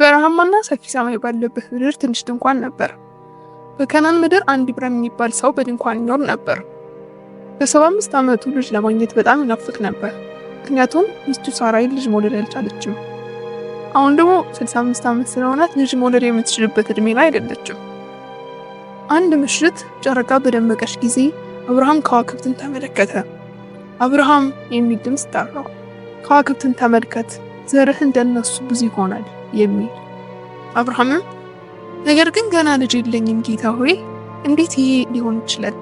በረሃማና ሰፊ ሰማይ ባለበት ምድር ትንሽ ድንኳን ነበር። በከናን ምድር አንድ ብረም የሚባል ሰው በድንኳን ይኖር ነበር። በሰባ አምስት ዓመቱ ልጅ ለማግኘት በጣም ይናፍቅ ነበር፣ ምክንያቱም ሚስቱ ሳራይ ልጅ መውለድ አልቻለችም። አሁን ደግሞ 65 ዓመት ስለሆናት ልጅ መውለድ የምትችልበት እድሜ ላይ አይደለችም። አንድ ምሽት ጨረቃ በደመቀች ጊዜ አብርሃም ከዋክብትን ተመለከተ። አብርሃም የሚል ድምፅ ጠራው። ከዋክብትን ተመልከት፣ ዘርህ እንደነሱ ብዙ ይሆናል የሚል አብርሃምም ነገር ግን ገና ልጅ የለኝም ጌታ ሆይ እንዴት ይሄ ሊሆን ይችላል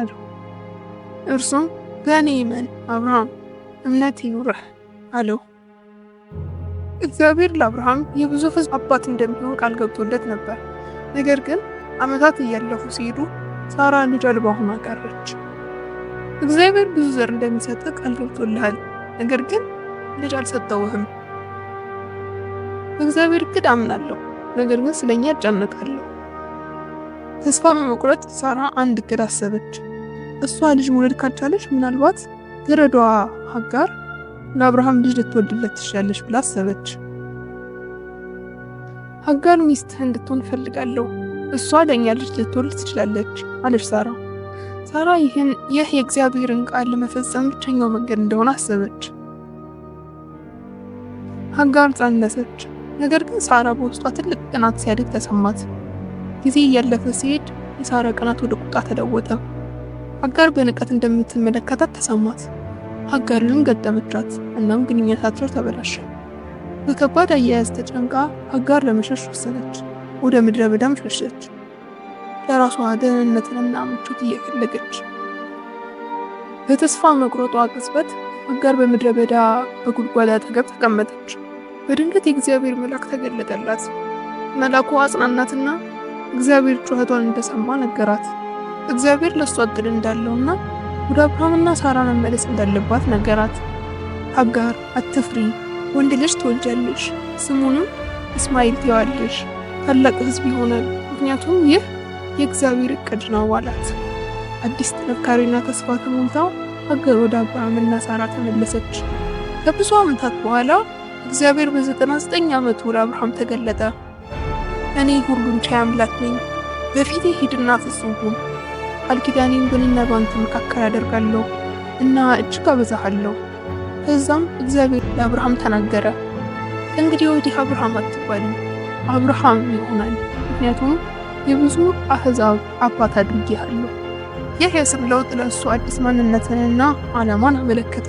አለው። እርሱም ገና ይመን አብርሃም እምነት ይኑርህ አለው። እግዚአብሔር ለአብርሃም የብዙ ሕዝብ አባት እንደሚሆን ቃል ገብቶለት ነበር። ነገር ግን አመታት እያለፉ ሲሄዱ ሳራ ልጅ አልባ ሆና ቀረች። እግዚአብሔር ብዙ ዘር እንደሚሰጥ ቃል ገብቶልሃል፣ ነገር ግን ልጅ አልሰጠውህም በእግዚአብሔር እቅድ አምናለሁ፣ ነገር ግን ስለኛ እጨነቃለሁ። ተስፋ በመቁረጥ ሳራ አንድ እቅድ አሰበች። እሷ ልጅ መውለድ ካልቻለች ምናልባት ገረዷ ሀጋር ለአብርሃም ልጅ ልትወልድለት ትችላለች ብላ አሰበች። ሀጋር ሚስትህ እንድትሆን እፈልጋለሁ፣ እሷ ለእኛ ልጅ ልትወልድ ትችላለች አለች ሳራ። ሳራ ይህን ይህ የእግዚአብሔርን ቃል ለመፈጸም ብቸኛው መንገድ እንደሆነ አሰበች። ሀጋር ጸነሰች። ነገር ግን ሳራ በውስጧ ትልቅ ቅናት ሲያድግ ተሰማት። ጊዜ እያለፈ ሲሄድ የሳራ ቅናት ወደ ቁጣ ተለወጠ። አጋር በንቀት እንደምትመለከታት ተሰማት። አጋርንም ገጠመቻት፣ እናም ግንኙነታቸው ተበላሸ። በከባድ አያያዝ ተጨንቃ አጋር ለመሸሽ ወሰነች። ወደ ምድረ በዳም ሸሸች፣ ለራሷ ደህንነትንና ምቾት እየፈለገች። በተስፋ መቁረጧ ቅጽበት አጋር በምድረ በዳ በጉድጓድ አጠገብ ተቀመጠች። በድንገት የእግዚአብሔር መልአክ ተገለጠላት። መልአኩ አጽናናትና እግዚአብሔር ጩኸቷን እንደሰማ ነገራት። እግዚአብሔር ለእሷ አጥል እንዳለውና ወደ አብርሃምና ሳራ መመለስ እንዳለባት ነገራት። አጋር አትፍሪ፣ ወንድ ልጅ ትወልጃለሽ፣ ስሙንም እስማኤል ትይዋለሽ፣ ታላቅ ሕዝብ ይሆናል፣ ምክንያቱም ይህ የእግዚአብሔር እቅድ ነው አላት። አዲስ ጥንካሬና ተስፋ ተሞልታ አጋር ወደ አብርሃምና ሳራ ተመለሰች። ከብዙ ዓመታት በኋላ እግዚአብሔር በ99 ዓመቱ ለአብርሃም ተገለጠ። እኔ ሁሉን ቻይ አምላክ ነኝ፣ በፊቴ ሂድና ፍጹም ሁን። ቃል ኪዳኔን በእኔና በአንተ መካከል አደርጋለሁ እና እጅግ አበዛሃለሁ። ከዛም እግዚአብሔር ለአብርሃም ተናገረ፣ ከእንግዲህ ወዲህ አብርሃም አትባልም፣ አብርሃም ይሆናል፣ ምክንያቱም የብዙ አሕዛብ አባት አድርጌሃለሁ። ይህ የስም ለውጥ ለእሱ አዲስ ማንነትንና ዓላማን አመለከተ።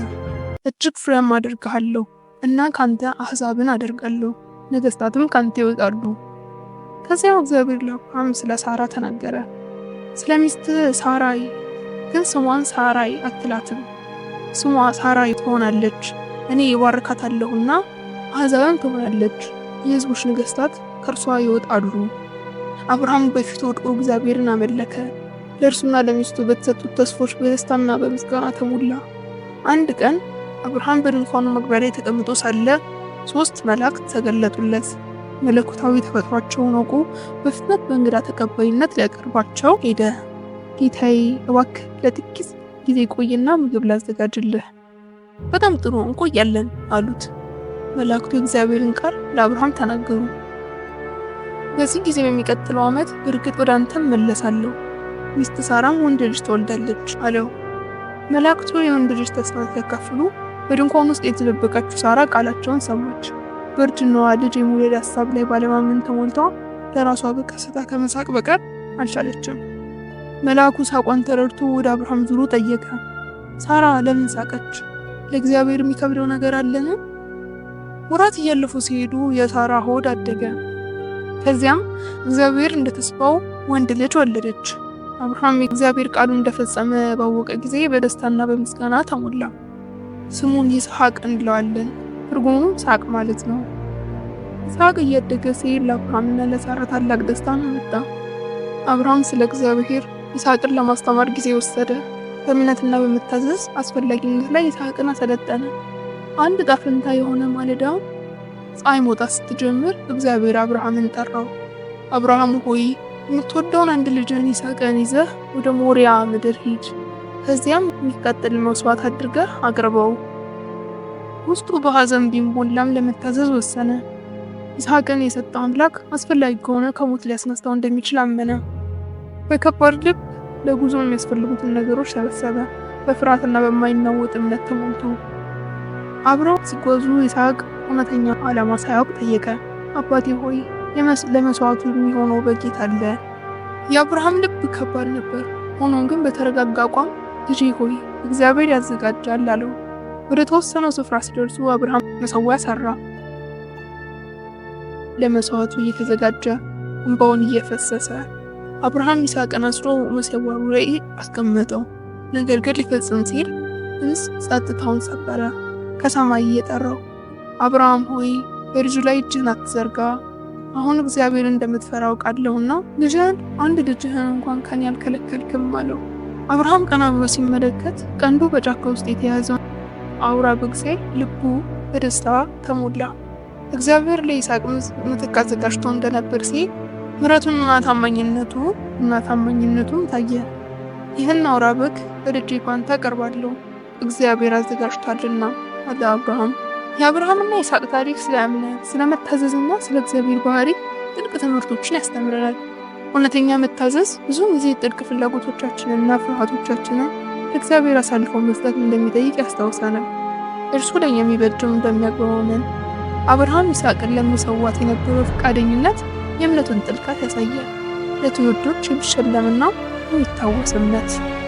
እጅግ ፍሬያም አድርግሃለሁ እና ካንተ አሕዛብን አደርጋለሁ፣ ነገስታትም ካንተ ይወጣሉ። ከዚያው እግዚአብሔር ለአብርሃም ስለ ሳራ ተናገረ። ስለ ሚስት ሳራይ ግን ስሟን ሳራይ አትላትም፣ ስሟ ሳራይ ትሆናለች። እኔ ይባርካታለሁና አሕዛብን ትሆናለች፣ የህዝቦች ነገስታት ከእርሷ ይወጣሉ። አብርሃም በፊቱ ወድቆ እግዚአብሔርን አመለከ። ለእርሱና ለሚስቱ በተሰጡት ተስፎች በደስታና በምስጋና ተሞላ። አንድ ቀን አብርሃም በድንኳኑ መግቢያ ላይ ተቀምጦ ሳለ ሶስት መላእክት ተገለጡለት። መለኮታዊ ተፈጥሯቸውን አውቆ በፍጥነት በእንግዳ ተቀባይነት ሊያቀርባቸው ሄደ። ጌታዬ እባክህ ለጥቂት ጊዜ ቆይና ምግብ ላዘጋጅልህ። በጣም ጥሩ እንቆያለን አሉት። መላእክቱ የእግዚአብሔርን ቃል ለአብርሃም ተናገሩ። በዚህ ጊዜ በሚቀጥለው ዓመት በእርግጥ ወደ አንተም መለሳለሁ፣ ሚስት ሳራም ወንድ ልጅ ትወልዳለች አለው። መላእክቱ የወንድ ልጅ ተስፋ ሲያካፍሉ በድንኳን ውስጥ የተደበቀችው ሳራ ቃላቸውን ሰማች። በእርጅናዋ ልጅ የመውለድ ሀሳብ ላይ ባለማመን ተሞልቷ ለራሷ በቀስታ ከመሳቅ በቀር አልቻለችም። መልአኩ ሳቋን ተረድቶ ወደ አብርሃም ዙሮ ጠየቀ። ሳራ ለምን ሳቀች? ለእግዚአብሔር የሚከብደው ነገር አለን? ወራት እያለፉ ሲሄዱ የሳራ ሆድ አደገ። ከዚያም እግዚአብሔር እንደተስፋው ወንድ ልጅ ወለደች። አብርሃም የእግዚአብሔር ቃሉ እንደፈጸመ ባወቀ ጊዜ በደስታና በምስጋና ተሞላ። ስሙን ይስሐቅ እንለዋለን። ትርጉሙም ሳቅ ማለት ነው። ይስሐቅ እያደገ ሲሄድ ለአብርሃምና ለሳራ ታላቅ ደስታን መጣ። አብርሃም ስለ እግዚአብሔር ይስሐቅን ለማስተማር ጊዜ ወሰደ። በእምነትና በመታዘዝ አስፈላጊነት ላይ ይስሐቅን አሰለጠነ። አንድ ጣፍንታ የሆነ ማለዳው ፀሐይ መውጣት ስትጀምር እግዚአብሔር አብርሃምን ጠራው። አብርሃም ሆይ የምትወደውን አንድ ልጅን ይስሐቅን ይዘህ ወደ ሞሪያ ምድር ሂድ ከዚያም የሚቃጠል መስዋዕት አድርገህ አቅርበው። ውስጡ በሐዘን ቢሞላም ለመታዘዝ ወሰነ። ይስሐቅን የሰጠው አምላክ አስፈላጊ ከሆነ ከሞት ሊያስነስተው እንደሚችል አመነ። በከባድ ልብ ለጉዞ የሚያስፈልጉትን ነገሮች ሰበሰበ፣ በፍርሃትና በማይናወጥ እምነት ተሞልቶ። አብረው ሲጓዙ ይስሐቅ እውነተኛ ዓላማ ሳያውቅ ጠየቀ። አባቴ ሆይ ለመስዋዕቱ የሚሆነው በጌት አለ። የአብርሃም ልብ ከባድ ነበር። ሆኖም ግን በተረጋጋ አቋም ልጄ ሆይ እግዚአብሔር ያዘጋጃል አለው። ወደ ተወሰነው ስፍራ ሲደርሱ አብርሃም መሰዊያ ሰራ። ለመስዋዕቱ እየተዘጋጀ እንባውን እየፈሰሰ አብርሃም ይስሐቅን አስሮ መሰዊያው ላይ አስቀመጠው። ነገር ግን ሊፈጽም ሲል ድምፅ ጸጥታውን ሰበረ። ከሰማይ እየጠራው አብርሃም ሆይ በልጁ ላይ እጅህን አትዘርጋ፣ አሁን እግዚአብሔር እንደምትፈራ አውቃለሁና ልጅህን አንድ ልጅህን እንኳን ከኔ አልከለከልክም አለው። አብርሃም ቀና ብሎ ሲመለከት ቀንዱ በጫካ ውስጥ የተያዘውን አውራ በግ ሲያይ ልቡ በደስታ ተሞላ። እግዚአብሔር ለይስሐቅ ምትክ አዘጋጅቶ እንደነበር ሲል እና ታማኝነቱ እና ታማኝነቱም ታየ። ይህን አውራ በግ በልጄ ኳንታ አቀርባለሁ እግዚአብሔር አዘጋጅቷልና አለ አብርሃም። የአብርሃምና የይስሐቅ ታሪክ ስለ እምነት፣ ስለ መታዘዝና ስለ እግዚአብሔር ባህሪ ጥልቅ ትምህርቶችን ያስተምረናል። እውነተኛ መታዘዝ ብዙውን ጊዜ ጥልቅ ፍላጎቶቻችንና ፍርሃቶቻችንን ለእግዚአብሔር አሳልፈው መስጠት እንደሚጠይቅ ያስታውሰናል። እርሱ ላይ የሚበጀውን በሚያውቅ አብርሃም ይስሐቅን ለመሰዋት የነበረው ፈቃደኝነት የእምነቱን ጥልቀት ያሳያል። ለትውልዶች የሚሸለምና የሚታወስ እምነት